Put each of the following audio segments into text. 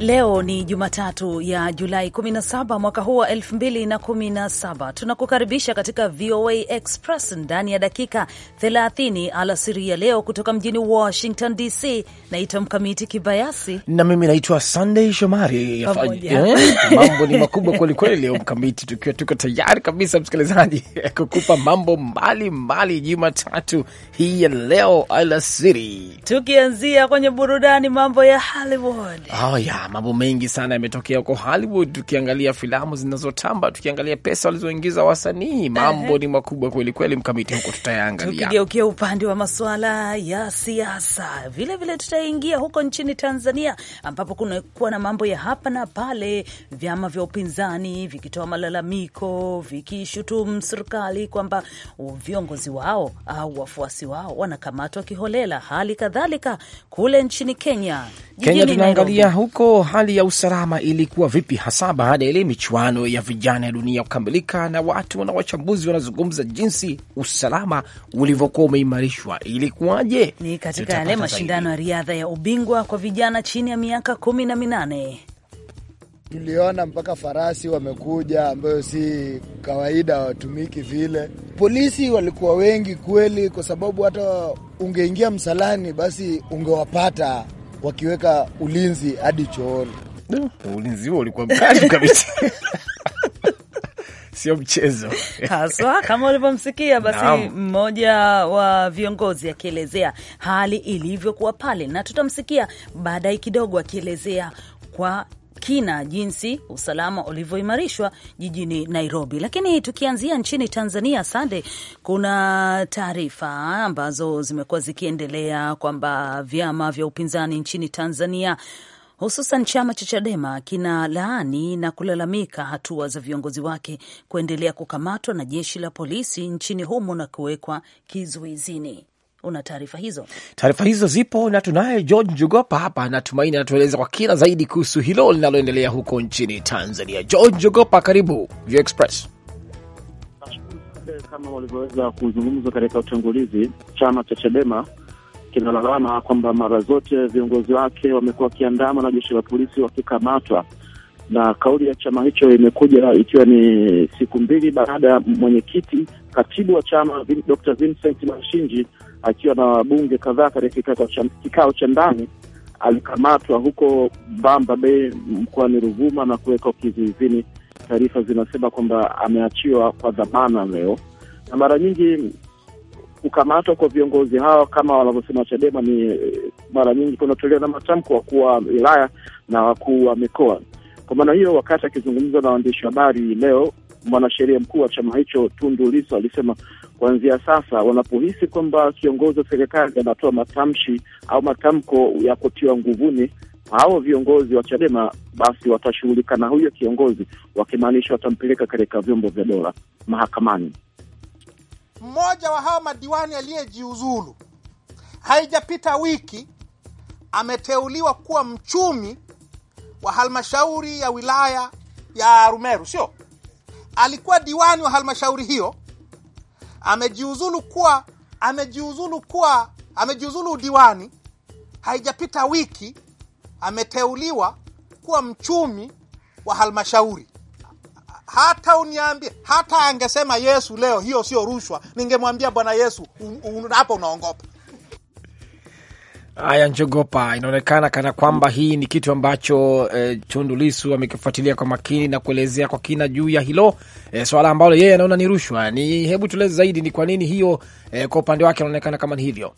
Leo ni Jumatatu ya Julai 17 mwaka huu wa 2017. Tunakukaribisha katika VOA Express ndani ya dakika 30 alasiri ya leo kutoka mjini Washington DC. Naitwa Mkamiti Kibayasi na mimi naitwa Sunday Shomari. Eh, mambo ni makubwa kwelikweli leo Mkamiti, tukiwa tuko tayari kabisa msikilizaji kukupa mambo mbalimbali Jumatatu hii ya leo alasiri, tukianzia kwenye burudani, mambo ya Hollywood. Oh, yeah mambo mengi sana yametokea huko Hollywood, tukiangalia filamu zinazotamba, tukiangalia pesa walizoingiza wasanii, mambo ni makubwa kweli kweli. Mkamiti huko tutayaangalia, tukigeukia upande wa masuala ya siasa vilevile, tutaingia huko nchini Tanzania ambapo kunakuwa na mambo ya hapa na pale, vyama vya upinzani vikitoa malalamiko vikishutumu serikali kwamba viongozi wao au wafuasi wao wanakamatwa kiholela. Hali kadhalika kule nchini Kenya, Kenya tunaangalia huko hali ya usalama ilikuwa vipi hasa baada ya ile michuano ya vijana ya dunia kukamilika, na watu na wachambuzi wanazungumza jinsi usalama ulivyokuwa umeimarishwa? Ilikuwaje? Ni katika yale mashindano ya riadha ya ubingwa kwa vijana chini ya miaka kumi na minane tuliona mpaka farasi wamekuja, ambayo si kawaida, hawatumiki vile. Polisi walikuwa wengi kweli, kwa sababu hata ungeingia msalani, basi ungewapata wakiweka ulinzi hadi chooni. Ulinzi huo ulikuwa mkali kabisa. Sio mchezo haswa. Kama ulivyomsikia basi mmoja wa viongozi akielezea hali ilivyokuwa pale, na tutamsikia baadaye kidogo akielezea kwa kina jinsi usalama ulivyoimarishwa jijini Nairobi. Lakini tukianzia nchini Tanzania, Sande, kuna taarifa ambazo zimekuwa zikiendelea kwamba vyama vya upinzani nchini Tanzania hususan chama cha Chadema kina laani na kulalamika hatua za viongozi wake kuendelea kukamatwa na jeshi la polisi nchini humo na kuwekwa kizuizini una taarifa hizo? Taarifa hizo zipo na tunaye George Jogopa hapa, natumaini anatueleza kwa kina zaidi kuhusu hilo linaloendelea huko nchini Tanzania. George Jogopa, karibu View Express. Kama walivyoweza kuzungumza katika utangulizi, chama cha Chadema kinalalama kwamba mara zote viongozi wake wamekuwa wakiandama na jeshi la polisi wakikamatwa na kauli ya chama hicho imekuja ikiwa ni siku mbili baada ya mwenyekiti katibu wa chama Dr. Vincent Mashinji akiwa na wabunge kadhaa katika kikao cha ndani alikamatwa huko Mbamba Bay mkoani Ruvuma na kuwekwa kizuizini. Taarifa zinasema kwamba ameachiwa kwa dhamana leo. Na mara nyingi kukamatwa kwa viongozi hawa kama wanavyosema Chadema ni eh, mara nyingi kunatolewa na matamko wakuu wa wilaya na wakuu wa mikoa. Kwa maana hiyo, wakati akizungumza na waandishi habari leo, mwanasheria mkuu wa chama hicho Tundu Lissu alisema kuanzia sasa wanapohisi kwamba kiongozi wa serikali anatoa matamshi au matamko ya kutiwa nguvuni hao viongozi wa Chadema basi watashughulika na huyo kiongozi, wakimaanisha watampeleka katika vyombo vya dola mahakamani. Mmoja wa hawa madiwani aliyejiuzulu, haijapita wiki, ameteuliwa kuwa mchumi wa halmashauri ya wilaya ya Rumeru, sio alikuwa diwani wa halmashauri hiyo, amejiuzulu kuwa amejiuzulu kuwa amejiuzulu udiwani, haijapita wiki ameteuliwa kuwa mchumi wa halmashauri. Hata uniambie, hata angesema Yesu leo, hiyo sio rushwa, ningemwambia Bwana Yesu, hapo unaongopa. Haya, njogopa, inaonekana kana kwamba hii ni kitu ambacho e, Tundu amekifuatilia kwa makini na kuelezea kwa kina juu ya hilo e, swala ambalo yeye anaona ni rushwa. Ni hebu tueleze zaidi, ni kwa nini hiyo e, kwa upande wake anaonekana kama ni hivyo.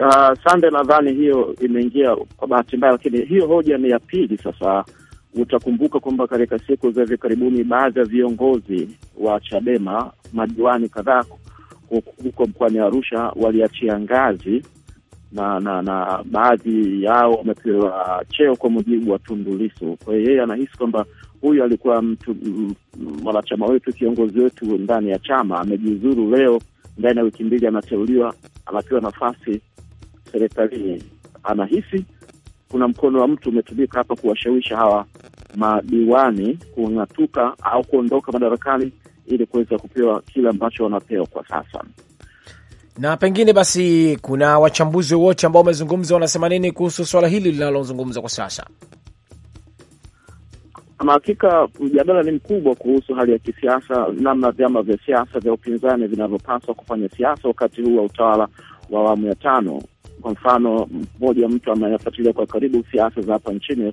Uh, sande, nadhani hiyo imeingia kwa bahati mbaya, lakini hiyo hoja ni ya pili. Sasa utakumbuka kwamba katika siku za hivi karibuni baadhi ya viongozi wa Chadema, madiwani kadhaa huko mkoani Arusha waliachia ngazi na na na baadhi yao wamepewa cheo kwa mujibu wa Tundu Lissu. Kwa hiyo yeye anahisi kwamba huyu alikuwa mtu mwanachama wetu, kiongozi wetu ndani ya chama, amejiuzuru leo, ndani ya wiki mbili anateuliwa, anapewa nafasi serikalini. Anahisi kuna mkono wa mtu umetumika hapa kuwashawisha hawa madiwani kung'atuka au kuondoka madarakani ili kuweza kupewa kile ambacho wanapewa kwa sasa na pengine basi, kuna wachambuzi wote ambao wamezungumza, wanasema nini kuhusu swala hili linalozungumza kwa sasa? Ama hakika mjadala ni mkubwa kuhusu hali ya kisiasa, namna vyama vya siasa vya upinzani vinavyopaswa kufanya siasa wakati huu wa utawala wa awamu ya tano. Kwa mfano, mmoja mtu anayefuatilia kwa karibu siasa za hapa nchini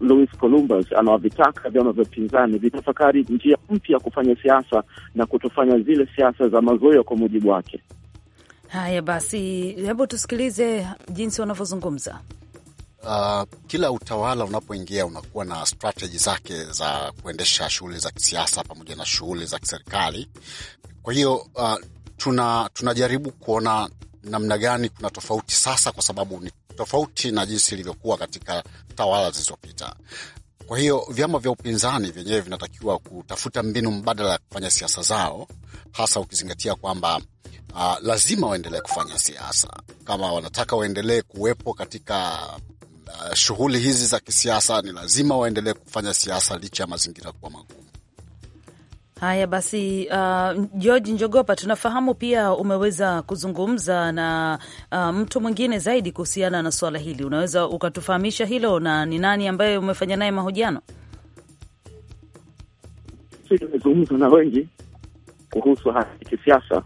Louis Columbus anawavitaka vyama vya upinzani vitafakari njia mpya kufanya siasa na kutofanya zile siasa za mazoea kwa mujibu wake. Haya basi, hebu tusikilize jinsi wanavyozungumza. Uh, kila utawala unapoingia unakuwa na strateji zake za kuendesha shughuli za kisiasa pamoja na shughuli za kiserikali. Kwa hiyo uh, tuna tunajaribu kuona namna gani kuna tofauti sasa, kwa sababu ni tofauti na jinsi ilivyokuwa katika tawala zilizopita. Kwa hiyo vyama vya upinzani vyenyewe vinatakiwa kutafuta mbinu mbadala ya kufanya siasa zao, hasa ukizingatia kwamba uh, lazima waendelee kufanya siasa kama wanataka waendelee kuwepo katika uh, shughuli hizi za kisiasa. Ni lazima waendelee kufanya siasa licha ya mazingira kuwa magumu. Haya basi, uh, George Njogopa, tunafahamu pia umeweza kuzungumza na uh, mtu mwingine zaidi kuhusiana na suala hili. Unaweza ukatufahamisha hilo, na ni nani ambaye umefanya naye mahojiano? Tumezungumza na wengi kuhusu hali ya kisiasa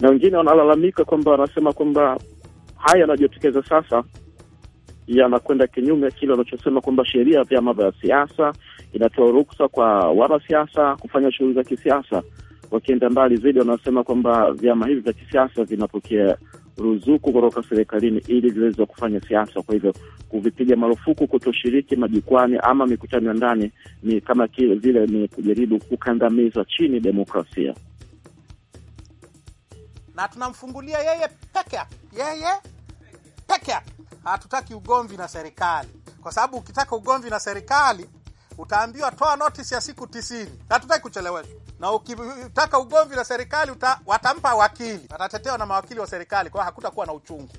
na wengine wanalalamika kwamba wanasema kwamba haya yanayojitokeza sasa yanakwenda kinyume kile wanachosema kwamba sheria ya vyama vya siasa inatoa ruksa kwa wanasiasa kufanya shughuli za kisiasa. Wakienda mbali zaidi, wanasema kwamba vyama hivi vya kisiasa vinapokea ruzuku kutoka serikalini ili viweze kufanya siasa. Kwa hivyo kuvipiga marufuku kutoshiriki majukwani ama mikutano ya ndani ni kama vile ni kujaribu kukandamiza chini demokrasia na tunamfungulia yeye peke yake, yeye peke yake. Hatutaki ugomvi na serikali, kwa sababu ukitaka ugomvi na serikali utaambiwa toa notisi ya siku tisini. Hatutaki kucheleweshwa, na ukitaka ugomvi na serikali uta, watampa wakili, watatetewa na mawakili wa serikali, kwa hiyo hakutakuwa na uchungu.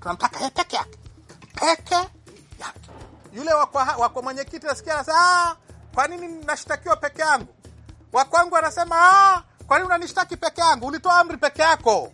Tunamtaka yeye peke yake, peke yake. Yule wakwa mwenyekiti nasikia anasema, ah, kwa nini nashtakiwa peke yangu? Wakwangu anasema ah, kwa nini unanishtaki peke yangu? Ulitoa amri peke yako.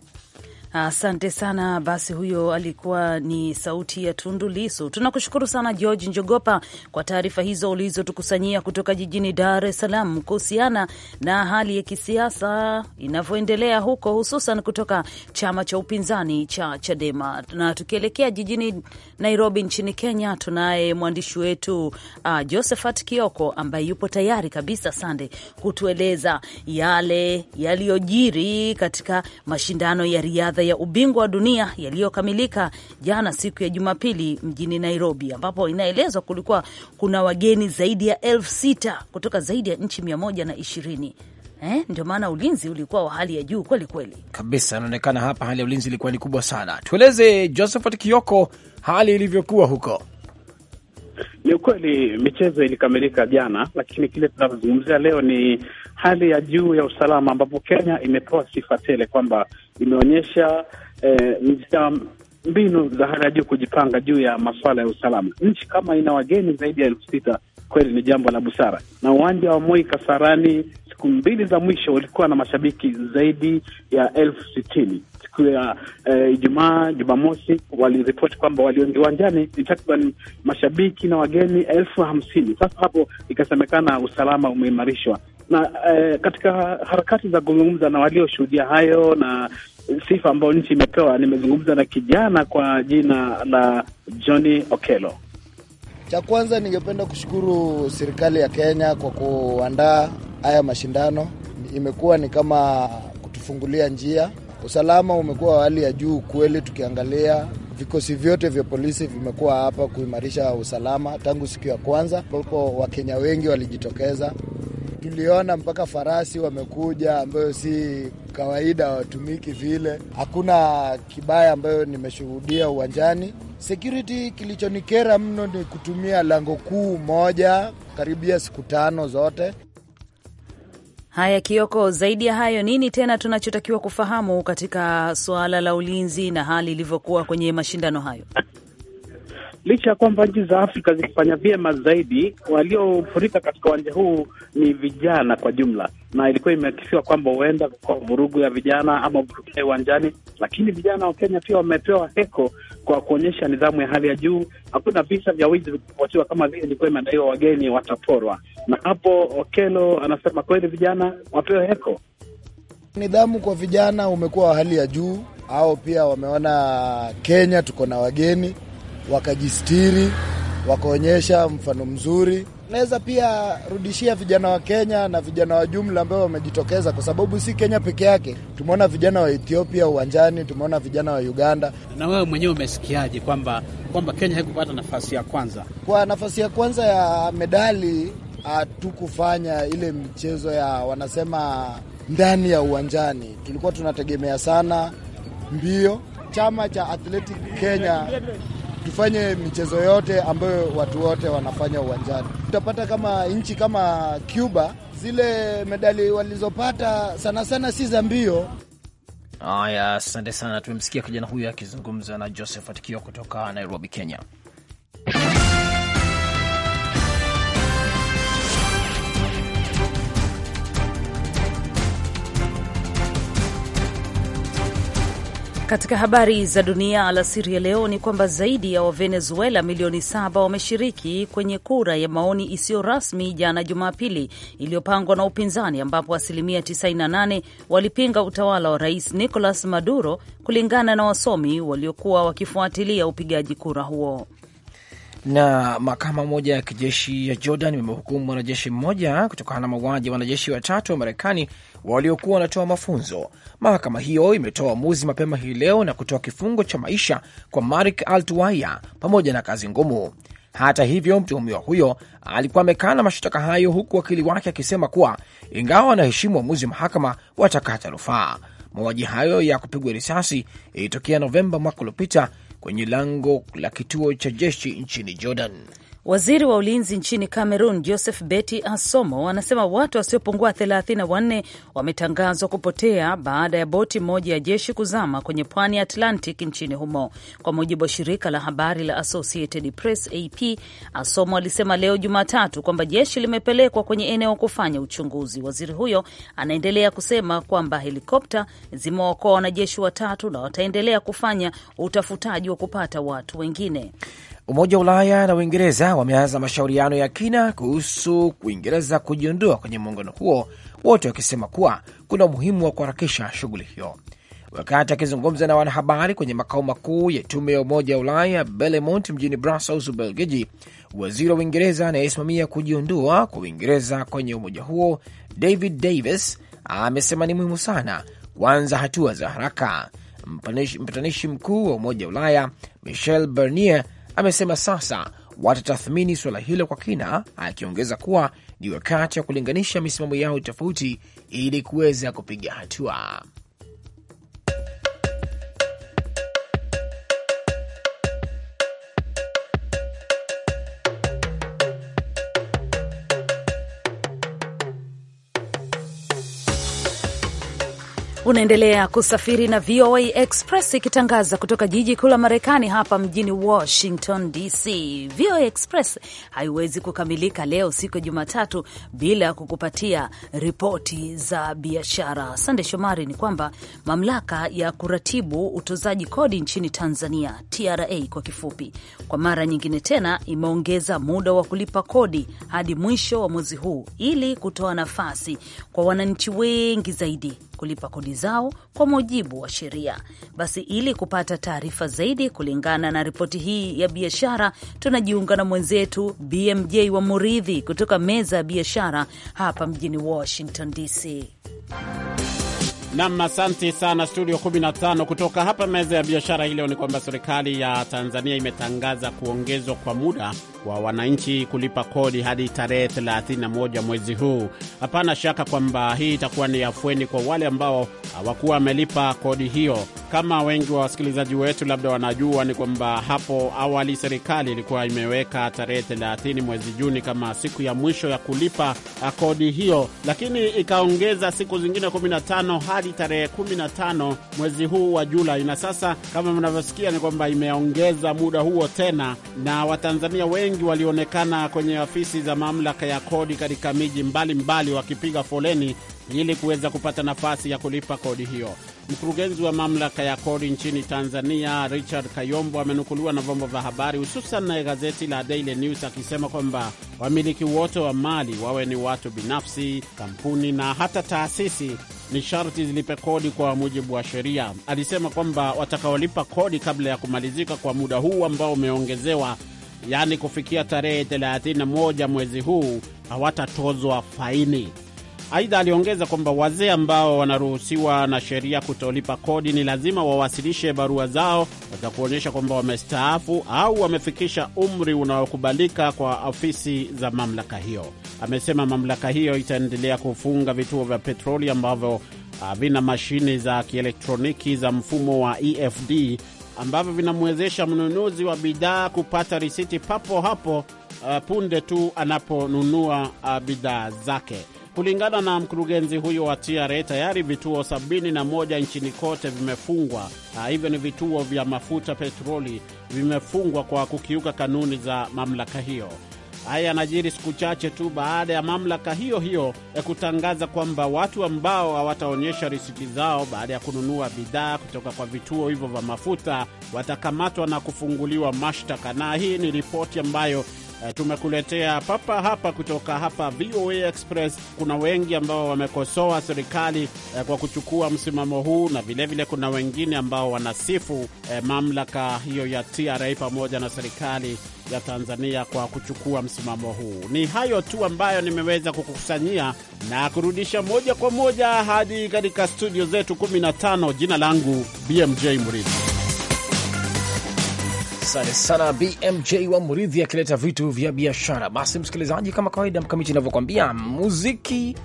Asante sana. Basi huyo alikuwa ni sauti ya Tundu Lisu. Tunakushukuru sana George Njogopa kwa taarifa hizo ulizotukusanyia kutoka jijini Dar es Salaam kuhusiana na hali ya kisiasa inavyoendelea huko, hususan kutoka chama cha upinzani cha Chadema. Na tukielekea jijini Nairobi nchini Kenya, tunaye mwandishi wetu uh, Josephat Kioko ambaye yupo tayari kabisa, sande, kutueleza yale yaliyojiri katika mashindano ya riadha riadha ya ubingwa wa dunia yaliyokamilika jana siku ya Jumapili mjini Nairobi, ambapo inaelezwa kulikuwa kuna wageni zaidi ya elfu sita kutoka zaidi ya nchi mia moja na ishirini. Eh, ndio maana ulinzi ulikuwa wa hali ya juu kweli kweli kabisa. Inaonekana hapa hali ya ulinzi ilikuwa ni kubwa sana. Tueleze Josephat Kioko, hali ilivyokuwa huko. Ni ukweli michezo ilikamilika jana, lakini kile tunazungumzia leo ni hali ya juu ya usalama, ambapo Kenya imepewa sifa tele kwamba imeonyesha eh, mbinu za hali ya juu kujipanga juu ya masuala ya usalama. Nchi kama ina wageni zaidi ya elfu sita kweli ni jambo la busara. Na uwanja wa Moi Kasarani siku mbili za mwisho ulikuwa na mashabiki zaidi ya elfu sitini siku ya eh, Ijumaa, eh, Jumamosi waliripoti kwamba walioingia uwanjani ni takriban mashabiki na wageni elfu hamsini. Sasa hapo ikasemekana usalama umeimarishwa, na e, katika harakati za kuzungumza na walioshuhudia hayo na sifa ambayo nchi imepewa, nimezungumza na kijana kwa jina la Johnny Okelo. Cha kwanza ningependa kushukuru serikali ya Kenya kwa kuandaa haya mashindano. Imekuwa ni kama kutufungulia njia. Usalama umekuwa hali ya juu kweli, tukiangalia vikosi vyote vya polisi vimekuwa hapa kuimarisha usalama tangu siku ya kwanza ambapo Wakenya wengi walijitokeza tuliona mpaka farasi wamekuja, ambayo si kawaida, watumiki vile. Hakuna kibaya ambayo nimeshuhudia uwanjani. Security kilichonikera mno ni kutumia lango kuu moja karibia siku tano zote. Haya, Kioko, zaidi ya hayo nini tena tunachotakiwa kufahamu katika suala la ulinzi na hali ilivyokuwa kwenye mashindano hayo? Licha ya kwamba nchi za Afrika zikifanya vyema zaidi, waliofurika katika uwanja huu ni vijana kwa jumla, na ilikuwa imeakisiwa kwamba huenda kwa vurugu ya vijana ama vurugu ya uwanjani, lakini vijana wa Kenya pia wamepewa heko kwa kuonyesha nidhamu ya hali ya juu. Hakuna visa vya wizi vikiripotiwa kama vile ilikuwa imedaiwa wageni wataporwa. Na hapo Okelo anasema kweli vijana wapewe heko. Nidhamu kwa vijana umekuwa wa hali ya juu, au pia wameona Kenya tuko na wageni wakajistiri, wakaonyesha mfano mzuri naweza pia rudishia vijana wa Kenya na vijana wa jumla ambao wamejitokeza, kwa sababu si Kenya peke yake. Tumeona vijana wa Ethiopia uwanjani, tumeona vijana wa Uganda. Na wewe mwenyewe umesikiaje kwamba kwamba Kenya haikupata nafasi ya kwanza? Kwa nafasi ya kwanza ya medali hatukufanya ile michezo ya wanasema ndani ya uwanjani, tulikuwa tunategemea sana mbio. Chama cha Athletic Kenya tufanye michezo yote ambayo watu wote wanafanya uwanjani. utapata kama nchi kama Cuba, zile medali walizopata sana sana si za mbio. Haya, asante sana. Tumemsikia kijana huyo akizungumza na Josephat Kio kutoka Nairobi, Kenya. Katika habari za dunia alasiri ya leo ni kwamba zaidi ya Wavenezuela milioni saba wameshiriki kwenye kura ya maoni isiyo rasmi jana Jumapili iliyopangwa na upinzani, ambapo asilimia 98 walipinga utawala wa rais Nicolas Maduro, kulingana na wasomi waliokuwa wakifuatilia upigaji kura huo. Na mahakama moja ya kijeshi ya Jordan imemhukumu wanajeshi mmoja kutokana na mauaji ya wanajeshi watatu wa Marekani waliokuwa wanatoa mafunzo. Mahakama hiyo imetoa uamuzi mapema hii leo na kutoa kifungo cha maisha kwa Marik Altuwaya pamoja na kazi ngumu. Hata hivyo, mtuhumiwa huyo alikuwa amekana mashtaka hayo, huku wakili wake akisema kuwa ingawa wanaheshimu uamuzi wa mahakama watakata rufaa. Mauaji hayo ya kupigwa risasi ilitokea Novemba mwaka uliopita kwenye lango la kituo cha jeshi nchini Jordan. Waziri wa ulinzi nchini Cameroon, Joseph Beti Asomo, anasema watu wasiopungua 34 wametangazwa kupotea baada ya boti moja ya jeshi kuzama kwenye pwani ya Atlantic nchini humo, kwa mujibu wa shirika la habari la Associated Press, AP. Asomo alisema leo Jumatatu kwamba jeshi limepelekwa kwenye eneo kufanya uchunguzi. Waziri huyo anaendelea kusema kwamba helikopta zimewaokoa wanajeshi watatu na wataendelea kufanya utafutaji wa kupata watu wengine. Umoja wa Ulaya na Uingereza wameanza mashauriano ya kina kuhusu Uingereza kujiondoa kwenye muungano huo, wote wakisema kuwa kuna umuhimu wa kuharakisha shughuli hiyo. Wakati akizungumza na wanahabari kwenye makao makuu ya tume ya Umoja wa Ulaya Belemont mjini Brussels, Ubelgiji, waziri wa Uingereza anayesimamia kujiondoa kwa Uingereza kwenye umoja huo David Davis amesema ni muhimu sana kuanza hatua za haraka. Mpatanishi mkuu wa Umoja wa Ulaya Michel Barnier amesema sasa watatathmini suala hilo kwa kina, akiongeza kuwa ni wakati wa kulinganisha misimamo yao tofauti ili kuweza kupiga hatua. Unaendelea kusafiri na VOA Express ikitangaza kutoka jiji kuu la Marekani, hapa mjini Washington DC. VOA Express haiwezi kukamilika leo, siku ya Jumatatu, bila ya kukupatia ripoti za biashara. Sande Shomari, ni kwamba mamlaka ya kuratibu utozaji kodi nchini Tanzania, TRA kwa kifupi, kwa mara nyingine tena imeongeza muda wa kulipa kodi hadi mwisho wa mwezi huu ili kutoa nafasi kwa wananchi wengi zaidi kulipa kodi zao kwa mujibu wa sheria. Basi ili kupata taarifa zaidi kulingana na ripoti hii ya biashara, tunajiunga na mwenzetu BMJ wa Muridhi kutoka meza ya biashara hapa mjini Washington DC. Nam, asante sana studio 15. Kutoka hapa meza ya biashara hii leo ni kwamba serikali ya Tanzania imetangaza kuongezwa kwa muda wa wananchi kulipa kodi hadi tarehe 31 mwezi huu. Hapana shaka kwamba hii itakuwa ni afueni kwa wale ambao hawakuwa wamelipa kodi hiyo. Kama wengi wa wasikilizaji wetu labda wanajua, ni kwamba hapo awali serikali ilikuwa imeweka tarehe 30 mwezi Juni kama siku ya mwisho ya kulipa ah, kodi hiyo, lakini ikaongeza siku zingine 15 hadi tarehe 15 mwezi huu wa Julai, na sasa kama mnavyosikia ni kwamba imeongeza muda huo tena, na Watanzania wengi wengi walionekana kwenye afisi za mamlaka ya kodi katika miji mbalimbali wakipiga foleni ili kuweza kupata nafasi ya kulipa kodi hiyo. Mkurugenzi wa mamlaka ya kodi nchini Tanzania, Richard Kayombo, amenukuliwa na vyombo vya habari hususan na gazeti la Daily News akisema kwamba wamiliki wote wa mali, wawe ni watu binafsi, kampuni na hata taasisi, ni sharti zilipe kodi kwa mujibu wa sheria. Alisema kwamba watakaolipa kodi kabla ya kumalizika kwa muda huu ambao umeongezewa yaani kufikia tarehe 31 mwezi huu hawatatozwa faini. Aidha, aliongeza kwamba wazee ambao wanaruhusiwa na sheria kutolipa kodi ni lazima wawasilishe barua zao za kuonyesha kwamba wamestaafu au wamefikisha umri unaokubalika kwa ofisi za mamlaka hiyo. Amesema mamlaka hiyo itaendelea kufunga vituo vya petroli ambavyo havina mashine za kielektroniki za mfumo wa EFD ambavyo vinamwezesha mnunuzi wa bidhaa kupata risiti papo hapo uh, punde tu anaponunua uh, bidhaa zake. Kulingana na mkurugenzi huyo wa TRA, tayari vituo 71 na nchini kote vimefungwa. Uh, hivyo ni vituo vya mafuta petroli vimefungwa kwa kukiuka kanuni za mamlaka hiyo. Haya yanajiri siku chache tu baada ya mamlaka hiyo hiyo ya kutangaza kwamba watu ambao hawataonyesha risiti zao baada ya kununua bidhaa kutoka kwa vituo hivyo vya mafuta watakamatwa na kufunguliwa mashtaka. Na hii ni ripoti ambayo Eh, tumekuletea papa hapa kutoka hapa VOA Express. Kuna wengi ambao wamekosoa serikali eh, kwa kuchukua msimamo huu, na vilevile vile kuna wengine ambao wanasifu eh, mamlaka hiyo ya TRA pamoja na serikali ya Tanzania kwa kuchukua msimamo huu. Ni hayo tu ambayo nimeweza kukusanyia na kurudisha moja kwa moja hadi katika studio zetu 15. Jina langu BMJ mridi Asante sana BMJ wa Muridhi akileta vitu vya biashara. Basi msikilizaji, kama kawaida, mkamiti inavyokwambia muziki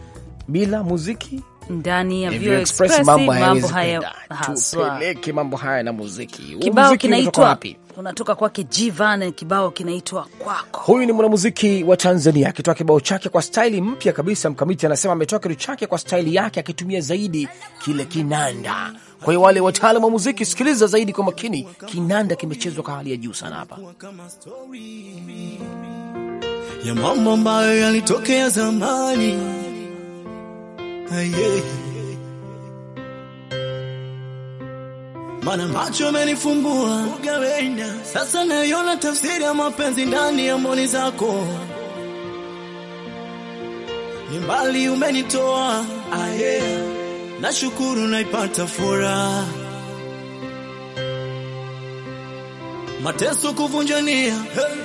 bila muziki ndani ya Vio Express mambo haya, tupeleke mambo haya na muziki. Kibao kinaitwa unatoka kwake Jivan, kibao kinaitwa Kwako. Huyu ni mwanamuziki wa Tanzania akitoa kibao chake kwa staili mpya kabisa. Mkamiti anasema ametoa kitu chake kwa staili yake, akitumia zaidi kile kinanda. Kwa hiyo wale wataalam wa muziki, sikiliza zaidi kwa makini, kinanda kimechezwa kwa hali ya juu sana hapa ya mambo ambayo yalitokea zamani. Aye. Mana macho amenifumbua sasa, naiona tafsiri ya mapenzi ndani ya mboni zako. Ni mbali umenitoa, aye, nashukuru naipata furaha. Mateso kuvunjania, hey,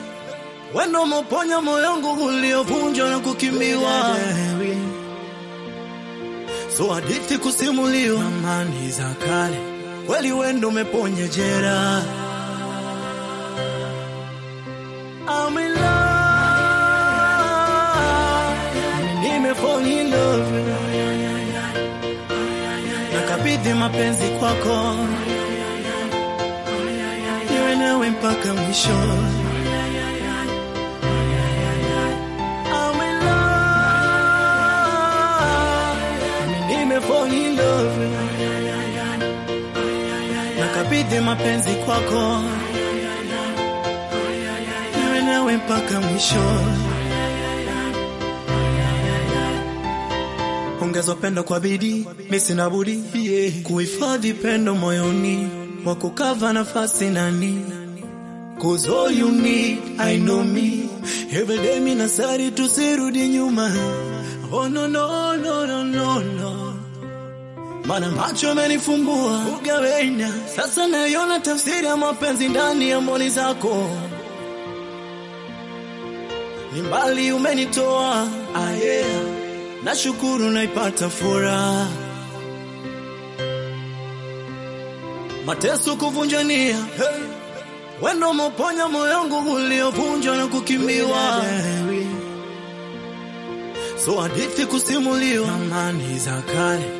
wendo moponya moyo wangu uliovunjwa na kukimbiwa so hadithi kusimuliwa amani za kale kweli wendo umeponye jera nakabidhi mapenzi kwako niwenewe mpaka mwisho nikabidhi mapenzi kwako, niwe nawe mpaka mwisho. Ongeza pendo kwa bidii, mimi sina budi yeah, kuhifadhi pendo moyoni, wakukava nafasi nani Cause all you need, I know me. Every day minasari tusirudi nyuma. Oh no no no no no no Mana macho amenifumbua ugawenya, sasa naiona tafsiri ya mapenzi ndani ya mboni zako. Ni mbali umenitoa, ah yeah, nashukuru naipata furaha. Mateso kuvunja nia, hey, wendo moponya moyo wangu uliovunjwa na kukimbiwa so hadithi kusimuliwa amani za kale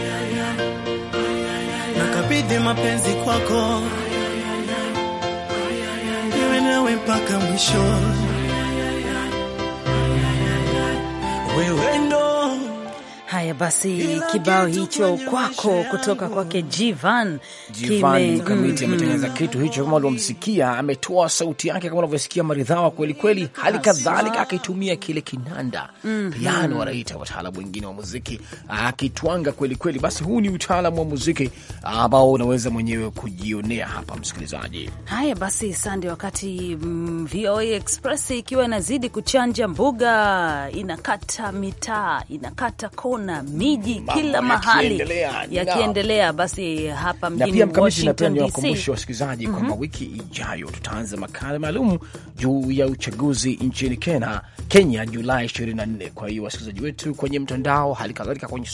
nikabidhi mapenzi kwako, niwe nawe mpaka mwisho wewe Haya basi, kibao hicho kwako kutoka kwake Jivan kamiti mm. ametengeneza mm, kitu hicho kama ulivyomsikia, ametoa sauti yake kama unavyosikia maridhawa kweli kweli, hali kadhalika akitumia kile kinanda mm, piano wanaita mm. wataalamu wengine wa muziki, akitwanga kweli kweli. Basi huu ni utaalamu wa muziki ambao unaweza mwenyewe kujionea hapa, msikilizaji. Haya basi, sande. Wakati mm, VOA Express ikiwa inazidi kuchanja mbuga, inakata mitaa, inakata kona miji Mama, kila mahali yakiendelea. Basi hapa mjini Washington DC, wasikilizaji kwamba mm -hmm. wiki mhm. ijayo tutaanza makala maalum juu ya uchaguzi nchini Kenya, Kenya Julai 24. Kwa hiyo wasikilizaji wetu kwenye mtandao, hali kadhalika kwenye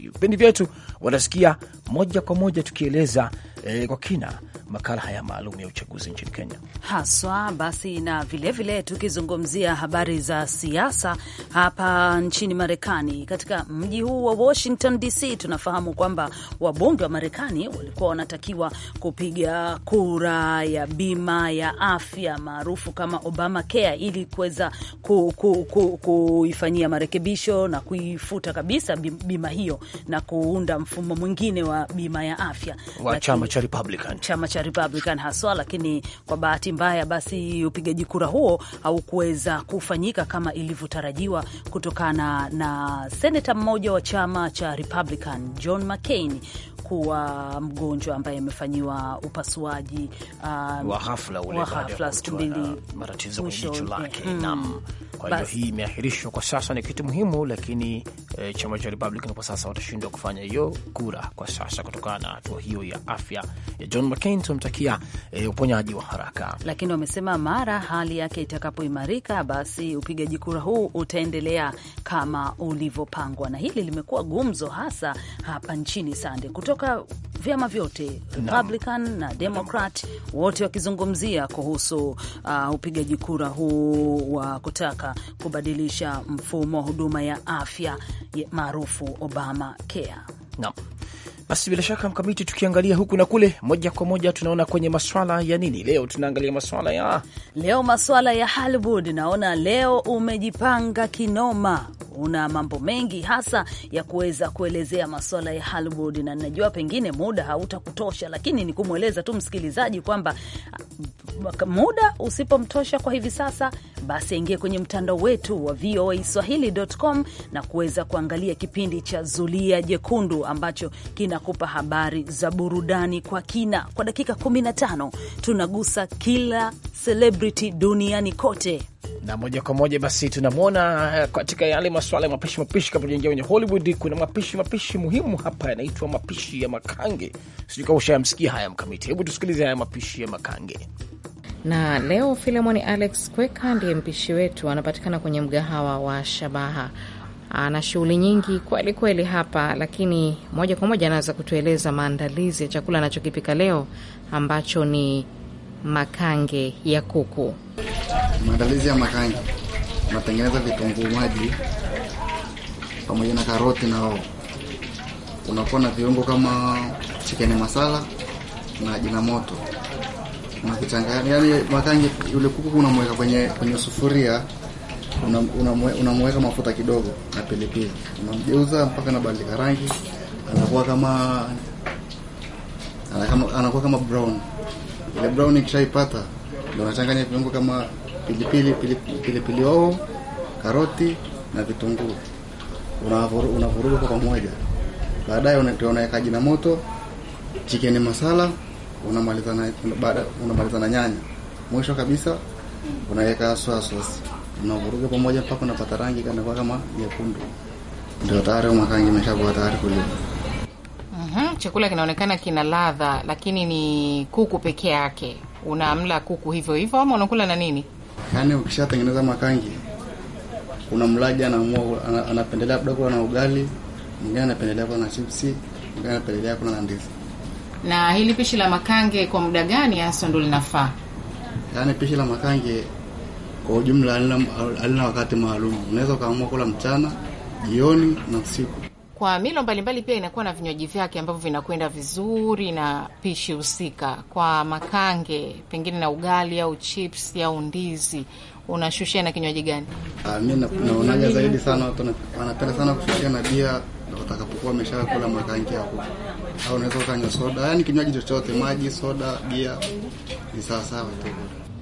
vipindi vyetu, wanasikia moja kwa moja tukieleza e, kwa kina makala haya maalum ya uchaguzi nchini Kenya haswa. Basi na vilevile tukizungumzia habari za siasa hapa nchini Marekani, katika mji huu wa Washington DC, tunafahamu kwamba wabunge wa Marekani walikuwa wanatakiwa kupiga kura ya bima ya afya maarufu kama Obamacare ili kuweza ku, ku, ku, kuifanyia marekebisho na kuifuta kabisa bima hiyo na kuunda mfumo mwingine wa bima ya afya wa chama cha Republican, chama cha Republican haswa, lakini kwa bahati mbaya basi upigaji kura huo haukuweza kufanyika kama ilivyotarajiwa kutokana na seneta mmoja wa chama cha Republican John McCain kuwa mgonjwa ambaye amefanyiwa upasuaji um, wa ule matatizo kwenye jicho lake mm. kwa hiyo hii imeahirishwa kwa sasa, ni kitu muhimu, lakini e, chama cha Republican kwa sasa watashindwa kufanya hiyo kura kwa sasa kutokana na hatua hiyo ya afya ya John McCain. Tunamtakia e, eh, uponyaji wa haraka, lakini wamesema mara hali yake itakapoimarika, basi upigaji kura huu utaendelea kama ulivyopangwa, na hili limekuwa gumzo hasa hapa nchini sande kutu kutoka vyama vyote Republican na Democrat wote wakizungumzia kuhusu uh, upigaji kura huu wa kutaka kubadilisha mfumo wa huduma ya afya maarufu Obama Care no. Basi bila shaka mkamiti, tukiangalia huku na kule, moja kwa moja tunaona kwenye maswala ya nini. Leo tunaangalia maswala ya leo, maswala ya Hollywood. Naona leo umejipanga kinoma una mambo mengi hasa ya kuweza kuelezea maswala ya Hollywood, na najua pengine muda hautakutosha, lakini ni kumweleza tu msikilizaji kwamba ah, muda usipomtosha kwa hivi sasa basi aingie kwenye mtandao wetu wa VOA Swahili.com na kuweza kuangalia kipindi cha Zulia Jekundu ambacho kinakupa habari za burudani kwa kina. Kwa dakika 15 tunagusa kila celebrity duniani kote na moja kwa moja basi tunamwona eh, katika yale masuala ya mapishi mapishi. Kabla tujaingia kwenye Hollywood, kuna mapishi mapishi muhimu hapa yanaitwa mapishi ya makange. Sijui kama ushayamsikia haya Mkamiti, hebu tusikilize haya mapishi ya makange na leo Filemoni Alex Kweka ndiye mpishi wetu, anapatikana kwenye mgahawa wa Shabaha. Ana shughuli nyingi kweli kweli hapa, lakini moja kwa moja anaweza kutueleza maandalizi ya chakula anachokipika leo ambacho ni makange ya kuku. Maandalizi ya makange, unatengeneza vitunguu maji pamoja na karoti na Unakuwa na viungo kama chikeni masala na jina moto unakuchanganya, yani makangi yule kuku unamweka kwenye kwenye sufuria, unamweka mafuta kidogo na pilipili, unamgeuza mpaka anabadilika rangi, anakuwa kama anakuwa kama brown. Ile brown ikishaipata, ndio unachanganya viungo kama pilipili pilipili, pilipili hoho, karoti na vitunguu, unavuruga kwa pamoja. Baadaye unaweka jina moto, chikeni masala unamaliza na baada unamaliza nyanya, mwisho kabisa unaweka soya sauce, unavuruga pamoja mpaka unapata rangi kana kwa kama nyekundu, ndio tayari makangi imeshakuwa tayari kuliwa. uh-huh. Mhm, chakula kinaonekana kina ladha, lakini ni kuku peke yake. Unamla kuku hivyo hivyo ama unakula na nini? Yaani ukishatengeneza makangi kuna mlaji anaamua anapendelea labda kula na ugali, mwingine anapendelea kula na chipsi, mwingine anapendelea kula na ndizi. Na hili pishi la makange kwa muda gani hasa ndo linafaa? Yaani pishi la makange kwa ujumla halina wakati maalum, unaweza ukaamua kula mchana, jioni na usiku. Kwa milo mbalimbali pia inakuwa na vinywaji vyake ambavyo vinakwenda vizuri na pishi husika. Kwa makange pengine na ugali au chips au ndizi, unashushia na kinywaji gani? Ah, Mi naonaga zaidi sana watu wanapenda sana kushushia na bia na utakapokuwa ameshakula mweka nje ya kuku, au unaweza ukanywa soda, yani kinywaji chochote, maji, soda, bia, ni sawasawa tu.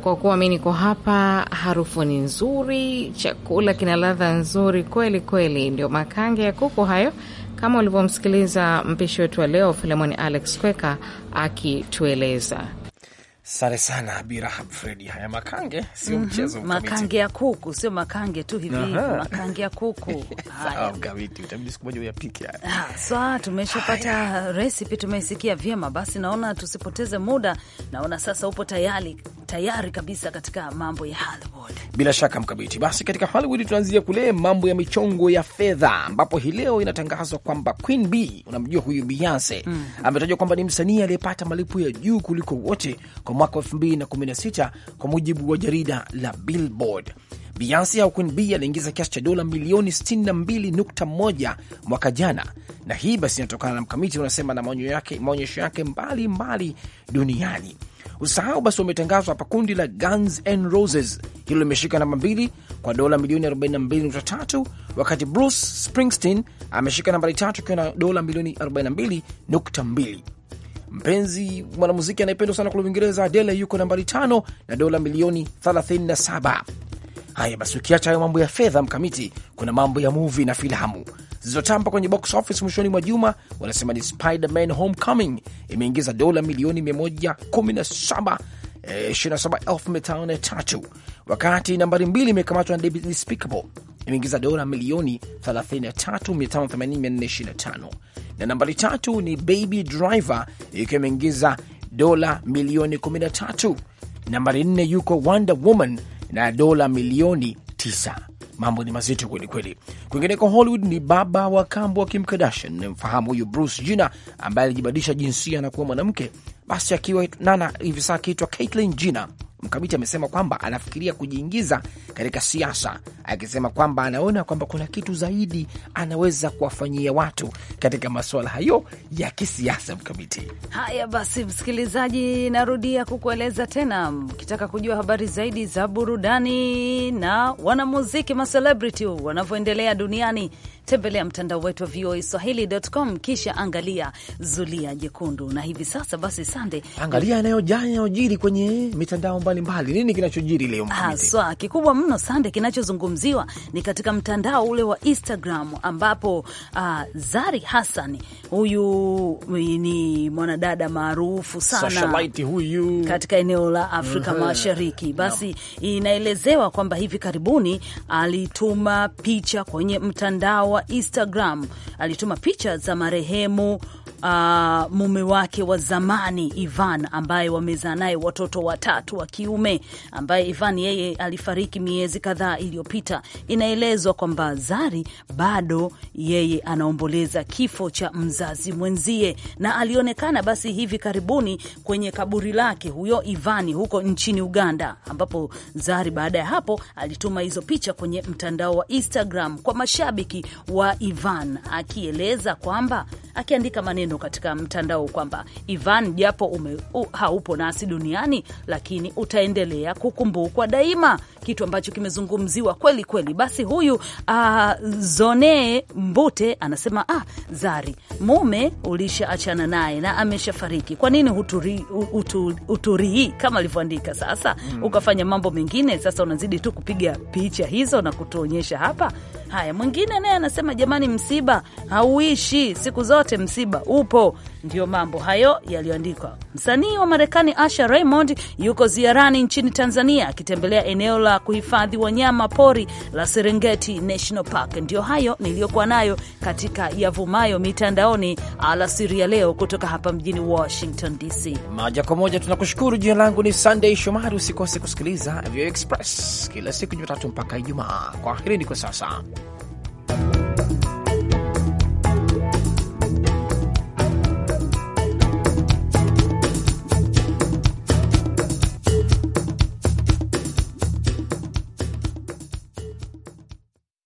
Kwa kuwa mi niko hapa, harufu ni nzuri, chakula kina ladha nzuri kweli kweli. Ndio makange ya kuku hayo, kama ulivyomsikiliza mpishi wetu wa leo Filemoni Alex Kweka akitueleza. Sare sana Birahab Fredi, haya makange sio mm -hmm. mchezo. Makange ya kuku sio makange tu hivi hivi, makange ya kuku haya mkamiti, utabidi siku moja uyapike haya. Ah, so, tumeshapata resipi, tumeisikia vyema. Basi naona tusipoteze muda, naona sasa upo tayari tayari kabisa katika mambo ya Hollywood. Bila shaka mkabiti, basi katika Hollywood tunaanzia kule mambo ya michongo ya fedha, ambapo hii leo inatangazwa kwamba Queen B, unamjua huyu Beyonce, mm, ametajwa kwamba ni msanii aliyepata malipo ya juu kuliko wote kwa mwaka 2016 kwa mujibu wa jarida la Billboard. Beyonce au Queen B aliingiza kiasi cha dola milioni 62.1 mwaka jana, na hii basi inatokana na mkamiti unasema na maonyesho yake, maonyesho yake mbali duniani. Usahau basi wametangazwa hapa kundi la Guns N' Roses, hilo limeshika namba mbili kwa dola milioni 42.3, wakati Bruce Springsteen ameshika nambari tatu ikiwa na dola milioni 42.2. Mpenzi mwanamuziki anayependwa sana kule Uingereza, Adele yuko nambari tano na dola milioni 37. Haya basi, ukiacha hayo mambo ya fedha, Mkamiti, kuna mambo ya muvi na filamu zilizotamba kwenye box office mwishoni mwa juma. Wanasema ni Spider-Man Homecoming imeingiza dola milioni 117 27,503 eh, wakati nambari mbili imekamatwa na David Despicable imeingiza dola milioni 33,584,425 na nambari tatu ni Baby Driver ikiwa imeingiza dola milioni 13. Nambari nne yuko Wonder Woman na dola milioni 9. Mambo ni mazito kweli kweli. Kwingineko Hollywood ni baba wa kambo wa Kim Kardashian. Namfahamu huyu Bruce Jenner ambaye alijibadilisha jinsia na kuwa mwanamke basi akiwa nana hivi sasa akiitwa Caitlin Jenner, mkamiti amesema kwamba anafikiria kujiingiza katika siasa, akisema kwamba anaona kwamba kuna kitu zaidi anaweza kuwafanyia watu katika masuala hayo ya kisiasa. Mkamiti haya, basi msikilizaji, narudia kukueleza tena, mkitaka kujua habari zaidi za burudani na wanamuziki macelebrity wanavyoendelea duniani tembelea mtandao wetu wa VOA Swahili.com, kisha angalia zulia jekundu. Na hivi sasa basi, Sande, angalia yanayojiri kwenye mitandao mbalimbali Nini kinachojiri leo haswa? Kikubwa mno Sande, kinachozungumziwa ni katika mtandao ule wa Instagram ambapo uh, Zari Hassan huyu ni mwanadada maarufu sana huyu katika eneo la Afrika mm -hmm. Mashariki basi no. Inaelezewa kwamba hivi karibuni alituma picha kwenye mtandao wa Instagram alituma picha za marehemu uh, mume wake wa zamani Ivan ambaye wamezaa naye watoto watatu wa kiume, ambaye Ivan yeye alifariki miezi kadhaa iliyopita. Inaelezwa kwamba Zari bado yeye anaomboleza kifo cha mzazi mwenzie, na alionekana basi hivi karibuni kwenye kaburi lake huyo Ivan huko nchini Uganda, ambapo Zari baada ya hapo alituma hizo picha kwenye mtandao wa Instagram kwa mashabiki wa Ivan, akieleza kwamba akiandika maneno neno katika mtandao kwamba Ivan japo ume, uh, haupo nasi duniani lakini utaendelea kukumbukwa daima, kitu ambacho kimezungumziwa kweli kweli. Basi huyu uh, Zone Mbute anasema ah, Zari mume ulishaachana naye na ameshafariki, kwa nini huturii huturi, kama alivyoandika sasa, hmm. ukafanya mambo mengine, sasa unazidi tu kupiga picha hizo na kutuonyesha hapa Haya, mwingine naye anasema jamani, msiba hauishi siku zote, msiba upo Ndiyo mambo hayo yaliyoandikwa. Msanii wa Marekani Asha Raymond yuko ziarani nchini Tanzania akitembelea eneo la kuhifadhi wanyama pori la Serengeti National Park. Ndiyo hayo niliyokuwa nayo katika yavumayo mitandaoni alasiri ya leo, kutoka hapa mjini Washington DC. Moja kwa moja tunakushukuru. Jina langu ni Sunday Shomari. Usikose kusikiliza VOA Express kila siku Jumatatu mpaka Ijumaa. Kwaherini kwa sasa.